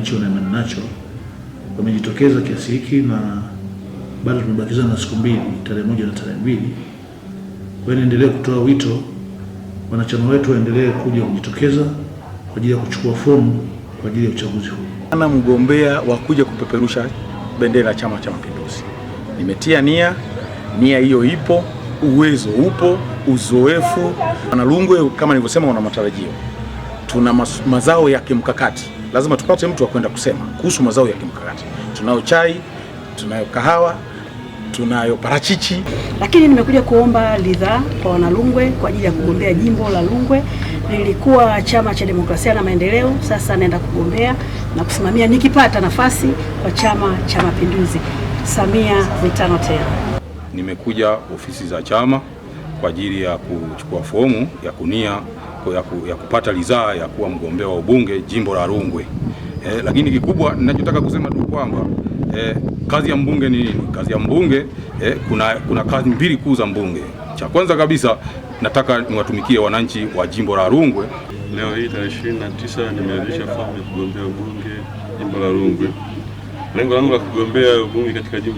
Nacho na imani nacho wamejitokeza kiasi hiki, na bado tumebakiza na siku mbili, tarehe moja na tarehe mbili. Kwa hiyo niendelee kutoa wito, wanachama wetu waendelee kuja kujitokeza kwa ajili ya kuchukua fomu kwa ajili ya uchaguzi huu. Ana mgombea wa kuja kupeperusha bendera ya Chama cha Mapinduzi, nimetia nia, nia hiyo ipo, uwezo upo, uzoefu. Wanalungwe kama nilivyosema, wana matarajio, tuna mazao ya kimkakati lazima tupate mtu wa kwenda kusema kuhusu mazao ya kimkakati. Tunayo chai, tunayo kahawa, tunayo parachichi, lakini nimekuja kuomba ridhaa kwa wanalungwe kwa ajili ya kugombea jimbo la Lungwe. Nilikuwa chama cha demokrasia na maendeleo, sasa naenda kugombea na kusimamia nikipata nafasi kwa chama cha mapinduzi. Samia mitano tena. Nimekuja ofisi za chama kwa ajili ya kuchukua fomu ya kunia ya, ku, ya kupata ridhaa ya kuwa mgombea wa ubunge jimbo la Rungwe. E, lakini kikubwa ninachotaka kusema tu kwamba e, kazi ya mbunge ni nini? Kazi ya mbunge e, kuna, kuna kazi mbili kuu za mbunge. Cha kwanza kabisa nataka niwatumikie wananchi wa jimbo la Rungwe. Leo hii tarehe 29 nimeanzisha fomu ya kugombea ubunge jimbo la Rungwe. Lengo langu la kugombea ubunge katika jimbo